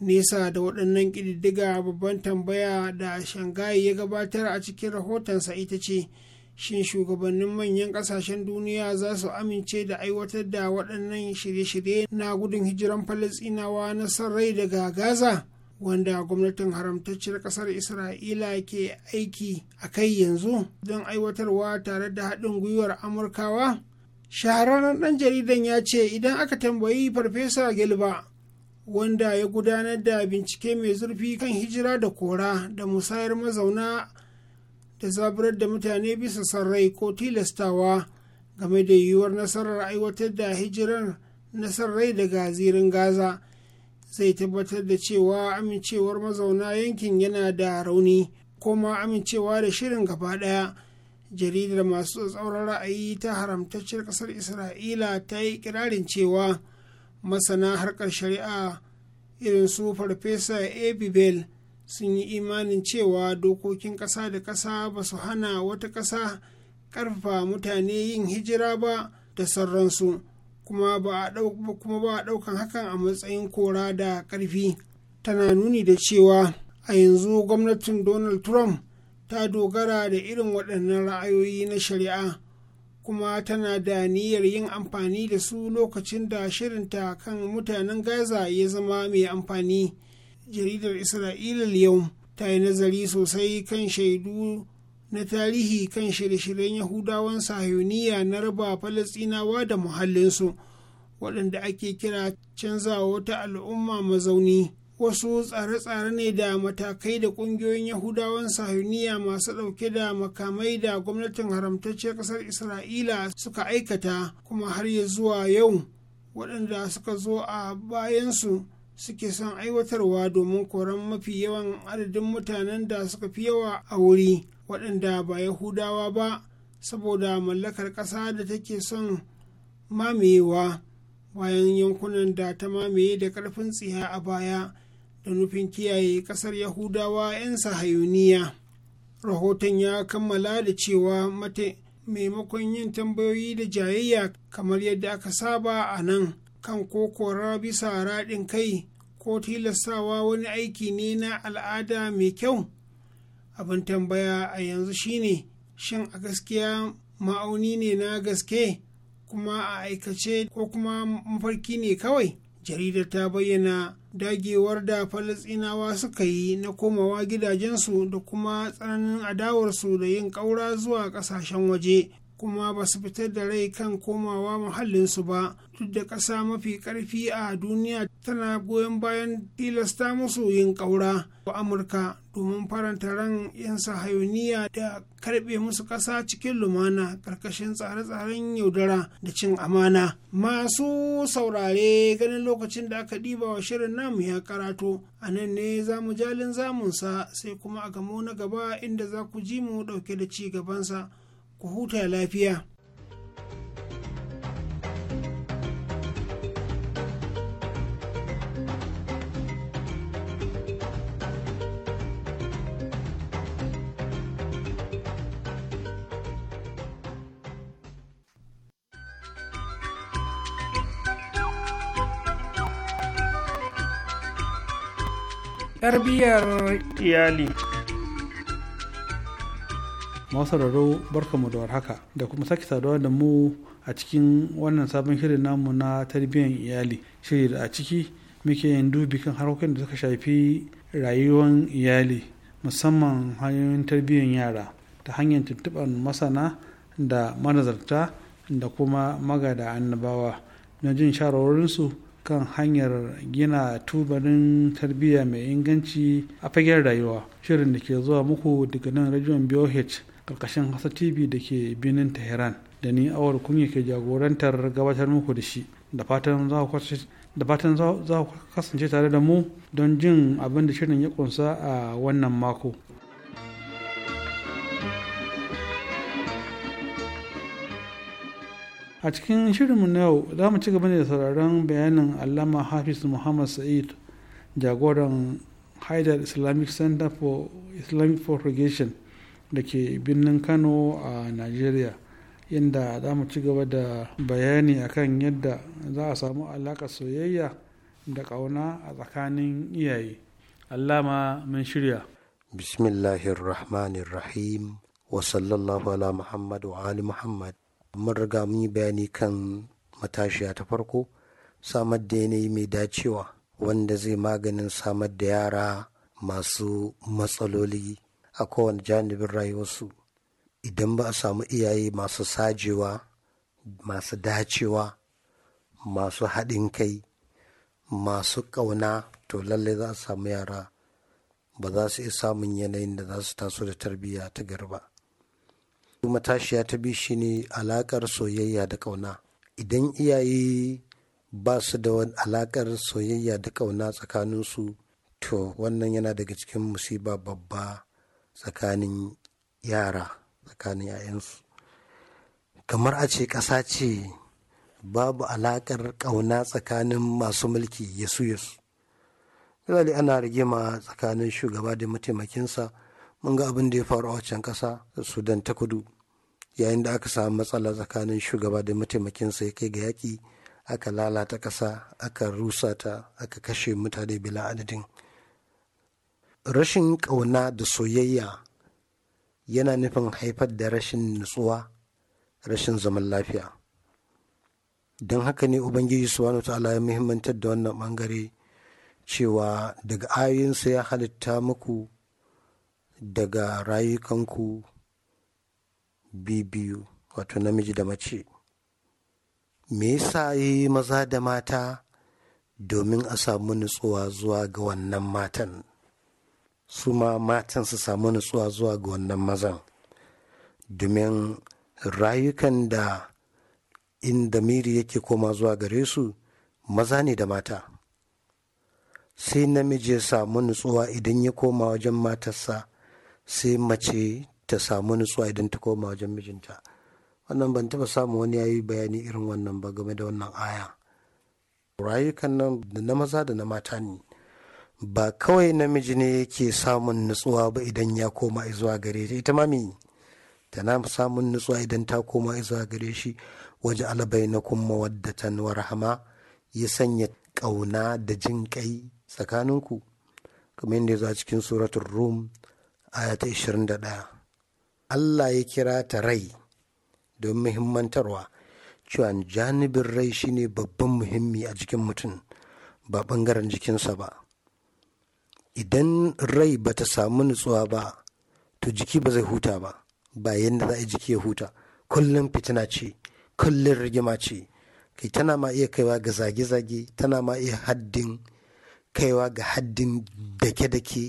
nesa da waɗannan ƙididdiga babban tambaya da shanghai ya gabatar a cikin rahotonsa ita ce shin shugabannin manyan ƙasashen duniya za su amince da aiwatar da waɗannan shirye-shirye na gudun hijiran falasinawa na San rai daga gaza wanda gwamnatin haramtacciyar kasar isra'ila ke aiki a kai yanzu don aiwatarwa tare da haɗin gwiwar amurkawa shahararren ɗan jaridan ya ce idan aka tambayi farfesa gilba wanda ya gudanar da bincike mai zurfi kan hijira da kora da musayar mazauna da zaburar da mutane bisa sarrai ko tilastawa game da yiwuwar nasarar aiwatar da hijirar nasarrai daga zirin gaza zai tabbatar da cewa amincewar mazauna yankin yana da rauni kuma amincewa da shirin gaba ɗaya jaridar masu tsauran ra'ayi ta haramtacciyar ƙasar isra'ila ta yi kirarin cewa masana harkar shari'a irin su farfesa abibel sun yi imanin cewa dokokin kasa da kasa ba su hana wata ƙasa ƙarfafa mutane yin hijira ba da sauransu kuma ba a ɗaukan hakan a matsayin kora da karfi tana nuni da cewa a yanzu gwamnatin donald trump ta dogara da irin waɗannan ra'ayoyi na shari'a kuma tana da niyyar yin amfani da su lokacin da shirinta kan mutanen gaza ya zama mai amfani jaridar isra'ila yau ta yi nazari sosai kan shaidu na tarihi kan shirye-shiryen yahudawan sahiyoniya na raba falasinawa da muhallinsu waɗanda ake kira canzawa wata al'umma mazauni wasu tsare-tsare ne da matakai da ƙungiyoyin yahudawan sahiyoniya masu ɗauke da makamai da gwamnatin haramtacciyar ƙasar isra'ila suka aikata kuma har ya zuwa yau waɗanda suka zo a bayansu suke son aiwatarwa domin koran mafi yawan adadin mutanen da suka fi yawa a wuri waɗanda ba yahudawa ba saboda mallakar ƙasa da take son mamayewa bayan yankunan da ta mamaye da ƙarfin tsiya a baya da nufin kiyaye ƙasar yahudawa 'yan sahayuniya rahoton ya kammala da cewa mate maimakon yin tambayoyi da jayayya kamar yadda aka saba a nan kan ko bisa raɗin kai ko tilastawa wani aiki ne na al'ada mai kyau abin tambaya a yanzu shine shin a gaskiya ma'auni ne na gaske kuma a aikace ko kuma mafarki ne kawai jaridar ta bayyana dagewar da falasinawa suka yi na komawa gidajensu da kuma tsananin adawarsu da yin ƙaura zuwa ƙasashen waje kuma ba su fitar da rai kan komawa muhallinsu ba duk da ƙasa mafi ƙarfi a duniya tana goyon bayan tilasta musu yin ƙaura ko amurka domin faranta ran 'yan sahayoniya da karbe musu ƙasa cikin lumana ƙarƙashin tsare-tsaren yaudara da cin amana masu saurare ganin lokacin da aka ɗiba wa shirin namu ya karato a nan ne za mu jalin zamunsa sai kuma a gamo na gaba inda za ku ji mu ɗauke da ci gabansa ku huta lafiya tarbiyyar iyali masararo barkamu da warhaka da kuma sake saduwa da mu a cikin wannan sabon shirin namu na tarbiyyar iyali shiri da a ciki muke yin dubi kan harkokin da suka shafi rayuwar iyali musamman hanyoyin tarbiyyar yara ta hanyar tuntuɓar masana da manazarta da kuma magada annabawa na jin shawarwarinsu kan hanyar gina tubalin tarbiyya mai inganci a fagen rayuwa shirin da ke zuwa muku daga nan rajon BOH karkashin hasa tv da ke binin tehran da ni awar kunya ke jagorantar gabatar muku da shi da fatan za ku kasance tare da mu don jin abin da shirin ya kunsa a wannan mako a cikin shirinmu na yau za mu ci gaba da sauraron bayanin allama hafiz muhammad sa'id jagoran haidar islamic center for islamic propagation da ke birnin kano a nigeria inda za mu ci gaba da bayani akan yadda za a samu alaƙa soyayya da ƙauna a tsakanin iyaye allama mun shirya bismillahirrahmanirrahim wasallallahu ala muhammad wa ali muhammad mun riga mun yi bayani kan matashiya ta farko samar da yanayi mai dacewa wanda zai maganin samar da yara masu matsaloli a kowane janibin rayuwarsu idan ba a samu iyaye masu sajewa masu dacewa masu haɗin kai masu ƙauna to lallai za a samu yara ba za su iya samun yanayin da za su taso da tarbiyya ta garba matashiya ta bi shi ne alakar soyayya da ƙauna idan iyaye ba su da alaƙar soyayya da ƙauna tsakaninsu to wannan yana daga cikin musiba babba tsakanin yara tsakanin 'ya'yansu kamar a ce ƙasa ce babu alaƙar ƙauna tsakanin masu mulki yasu yasu misali ana rigima tsakanin shugaba da mataimakinsa mun ga abin da ya faru a waccan ƙasa sudan ta kudu yayin da aka samu matsala tsakanin shugaba da mataimakinsa ya kai ga yaƙi aka lalata ƙasa aka rusa ta aka kashe mutane bila adadin rashin ƙauna da soyayya yana nufin haifar da rashin nutsuwa rashin zaman lafiya don haka ne ubangiji subhanahu ta'ala ya muhimmantar da wannan bangare cewa daga ayoyinsa ya halitta muku daga rayukanku bibiyu wato namiji da mace me yasa yi maza da mata domin a samu nutsuwa zuwa ga wannan matan su ma matan su samu nutsuwa zuwa ga wannan mazan domin rayukan da inda miri yake koma zuwa gare su maza ne da mata sai namiji ya samu nutsuwa idan ya koma wajen matarsa sai mace ta samu nutsuwa idan ta koma wajen mijinta wannan ban taba samu wani yayi bayani irin wannan ba game da wannan aya rayukan nan da na maza da na mata ne ba kawai namiji ne yake samun nutsuwa ba idan ya koma zuwa gare ta ita mami tana samun nutsuwa idan ta koma zuwa gare shi waje alabai na kuma waddatan warhama ya sanya ƙauna da jin kai tsakaninku kamar yadda ya zo cikin suratun rum ayata ta 21 Allah ya kira ta rai don muhimmantarwa cewa janibin rai shine babban muhimmi a jikin mutum ba bangaren jikinsa ba idan rai ba ta samu nutsuwa ba to jiki ba zai huta ba ba yadda za a jiki ya huta kullum fitina ce kullum rigima ce kai tana ma iya kaiwa ga zage-zage tana ma iya haddin kaiwa ga haddin dake-dake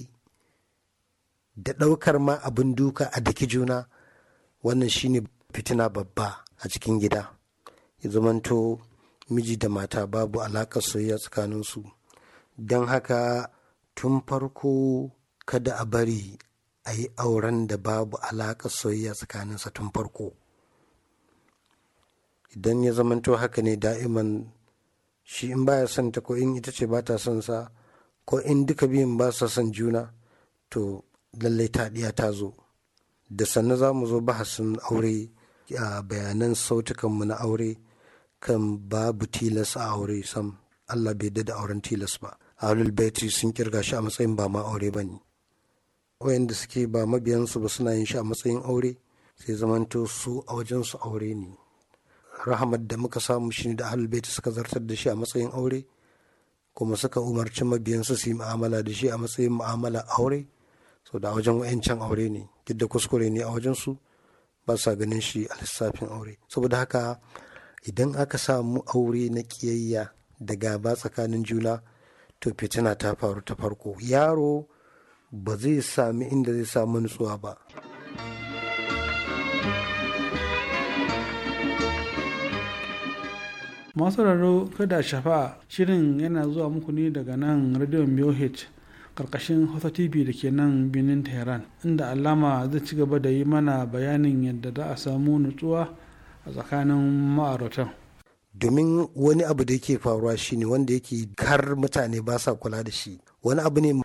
da ɗaukar ma abin duka a daki juna wannan shine fitina babba a cikin gida ya zamanto miji da mata babu alaƙar soyayya tsakaninsu don haka tun farko kada a bari a yi auren da babu alaƙar soyayya tsakaninsa tun farko idan ya zamanto haka ne da'iman shi in baya son ta ko in ita ce ba ta son sa ko in duka biyun ba sa son juna to lallai taɗiya ta zo da sannan za mu zo bahasin aure a bayanan sautukanmu na aure kan babu tilas a aure sam Allah bai dada auren tilas ba ahlul baiti sun kirga shi a matsayin ba ma aure ba ne wayanda suke ba mabiyansu ba suna yin shi a matsayin aure sai zamanto su a wajensu aure ne rahamar da muka samu shi da ahlul baiti suka zartar da shi a matsayin aure kuma suka umarci mabiyansu su yi mu'amala da shi a matsayin mu'amala aure so da wajen wayancan aure ne duk da kuskure ne a wajen su ba sa ganin shi a lissafin aure saboda haka idan aka samu aure na kiyayya da gaba tsakanin juna to fitina ta faru ta farko yaro ba zai sami inda zai samu nutsuwa ba masu raro kada shafa shirin yana zuwa muku ne daga nan radio BOH karkashin hausa tv da ke nan birnin tehran inda alama zai ci gaba da yi mana bayanin yadda za a samu nutsuwa a tsakanin ma'auratan domin wani abu da yake faruwa shine wanda yake kar mutane ba sa kula da shi wani abu ne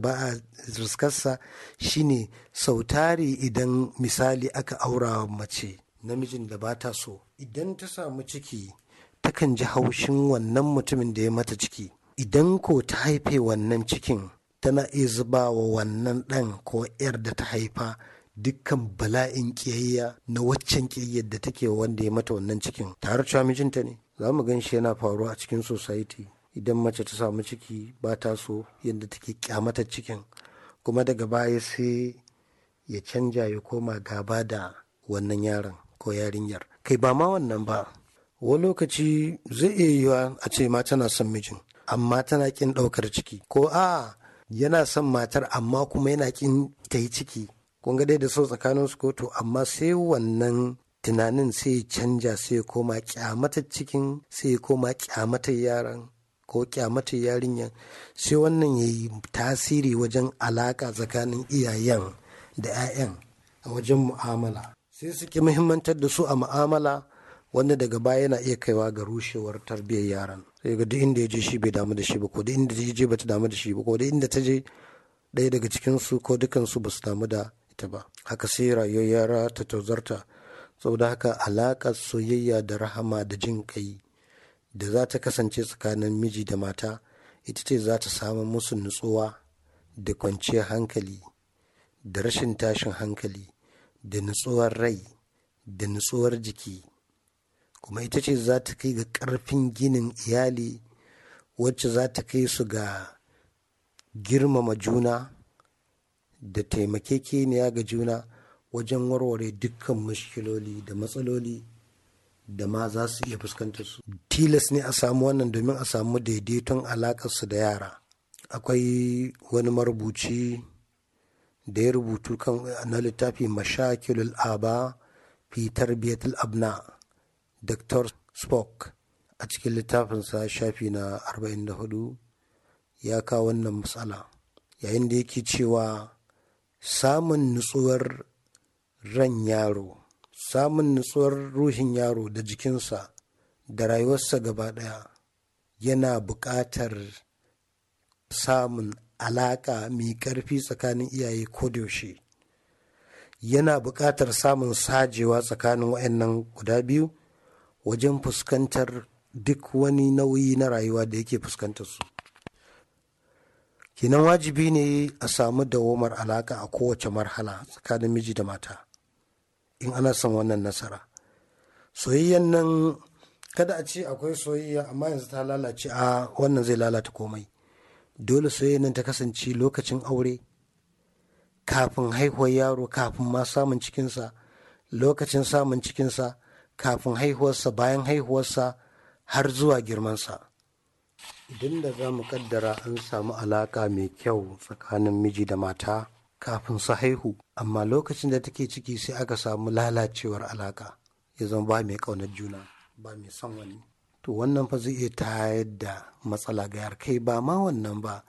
ba a riskarsa shine sautari idan misali aka aura mace namijin da ba ta so idan ta samu ciki takan ji haushin wannan mutumin da ya mata ciki idan ko ta haife wannan cikin tana iya zuba wa wannan ɗan ko 'yar da ta haifa dukkan bala'in ƙiyayya na waccan ƙiyayyar da take wanda ya mata wannan cikin tare cewa mijinta ne za mu gan shi yana faruwa a cikin society idan mace ta samu ciki ba ta so yadda take kyamatar cikin kuma daga baya sai ya canja ya koma gaba da wannan yaron ko yarinyar kai ba ma wannan ba wani lokaci zai iya yiwa a ce ma tana son mijin amma tana ƙin ɗaukar ciki ko A'a. yana son matar amma kuma yana kin ta yi ciki kun ga dai da so tsakanin su kotu amma sai wannan tunanin sai canja sai ya koma kyamatar cikin sai ya koma kyamatar yaran ko kyamatar yarinyar sai wannan ya yi tasiri wajen alaka tsakanin iyayen da 'ya'yan a wajen mu'amala sai suke muhimmantar da su a mu'amala wanda daga baya yana iya kaiwa ga rushewar tarbiyyar yaran sai ga duk inda ya je shi bai damu da shi ba ko duk inda ya je bata damu da shi ba ko duk inda ta je ɗaya daga cikin su ko dukan su basu damu da ita ba haka sai rayuwar yara ta tozarta saboda haka alaƙar soyayya da rahama da jin ƙai da za ta kasance tsakanin miji da mata ita ce za ta samu musu nutsuwa da kwanciyar hankali da rashin tashin hankali da nutsuwar rai da nutsuwar jiki kuma ita ce za ta kai ga ƙarfin ginin iyali wacce za ta kai su ga girmama juna da taimake-keniya ga juna wajen warware dukkan mashkiloli da matsaloli da ma za su iya fuskantar su. Tilas ne a samu wannan domin a samu daidaiton alakarsu da yara. Akwai wani marubuci da ya rubutu kan na littafi mashakilul aba fi tarbiyatul abna Dr. Spock a cikin littafinsa shafi na 44 ya kawo wannan matsala yayin da yake cewa samun nutsuwar ran yaro samun nutsuwar ruhin yaro da jikinsa da rayuwarsa gaba ɗaya yana buƙatar samun alaƙa mai ƙarfi tsakanin iyaye ko yaushe yana buƙatar samun sajewa tsakanin waɗannan guda biyu wajen fuskantar duk wani nauyi na rayuwa da yake fuskantar su kinan wajibi ne a samu dawamar alaka a kowace marhala tsakanin miji da mata in ana son wannan nasara soyayyan nan kada a ce akwai soyayya amma yanzu ta lalace a wannan zai lalata komai dole soyayyan nan ta kasance lokacin aure kafin haihuwar yaro kafin ma samun cikinsa lokacin samun cikinsa kafin haihuwarsa bayan haihuwarsa har zuwa girmansa idan da za mu kaddara an samu alaka mai kyau tsakanin miji da mata kafin su haihu amma lokacin da take ciki sai aka samu lalacewar alaka ya zama ba mai ƙaunar juna ba mai son wani to wannan fa zai iya tayar da matsala ga kai ba ma wannan ba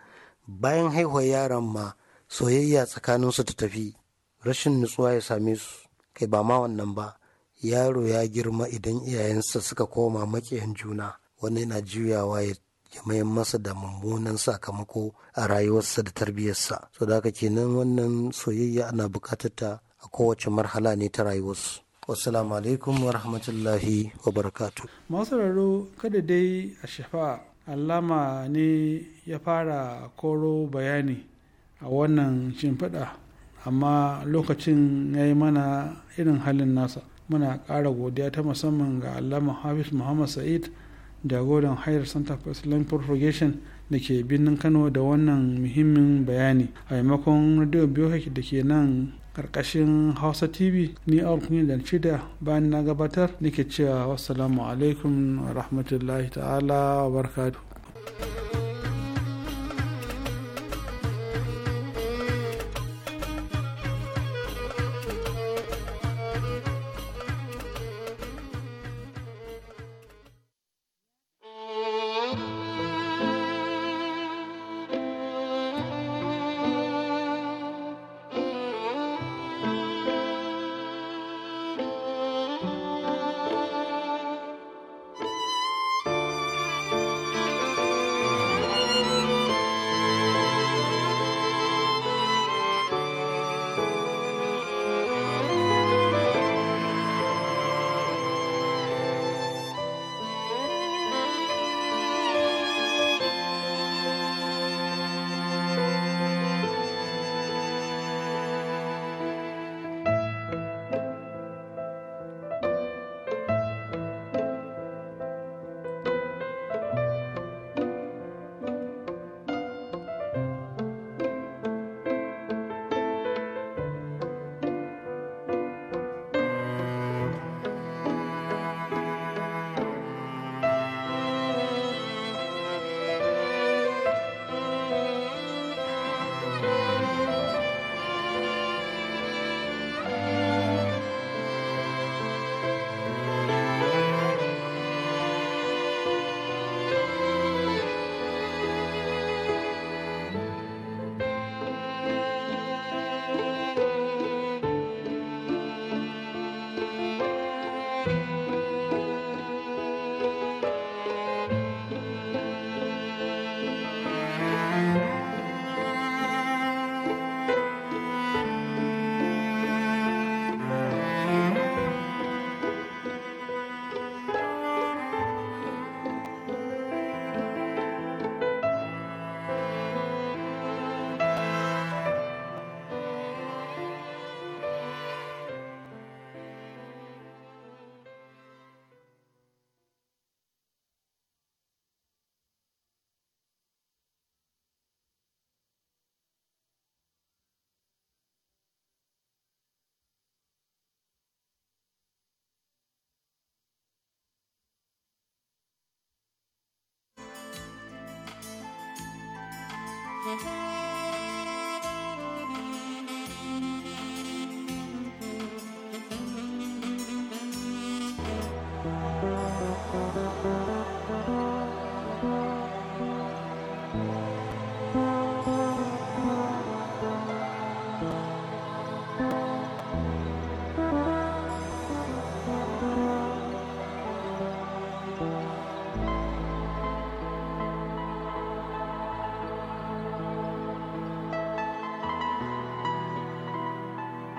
bayan haihuwar yaron ma soyayya tsakaninsu ta tafi rashin nutsuwa ya same su kai ba ma wannan ba yaro ya girma idan iyayensa suka koma makiyan juna wani na juyawa ya mayan masa da mummunan sakamako a rayuwarsa da tarbiyyarsa so da haka kenan wannan soyayya ana bukatar ta a kowace marhala ne ta rayuwarsu wasalamu alaikum wa rahmatullahi wa barakatu masu kada dai a shafa alama ne ya fara koro bayani a wannan shimfiɗa amma lokacin ya yi mana irin halin nasa muna ƙara godiya ta musamman ga allama hafiz muhammad sa'id jagoran hayar center for islamic propagation da ke birnin kano da wannan muhimmin bayani a maimakon radio biyohaki da ke nan karkashin hausa tv ni a da shida bayan na gabatar nake cewa wassalamu alaikum rahmatullahi ta'ala wa barkatu. Thank you.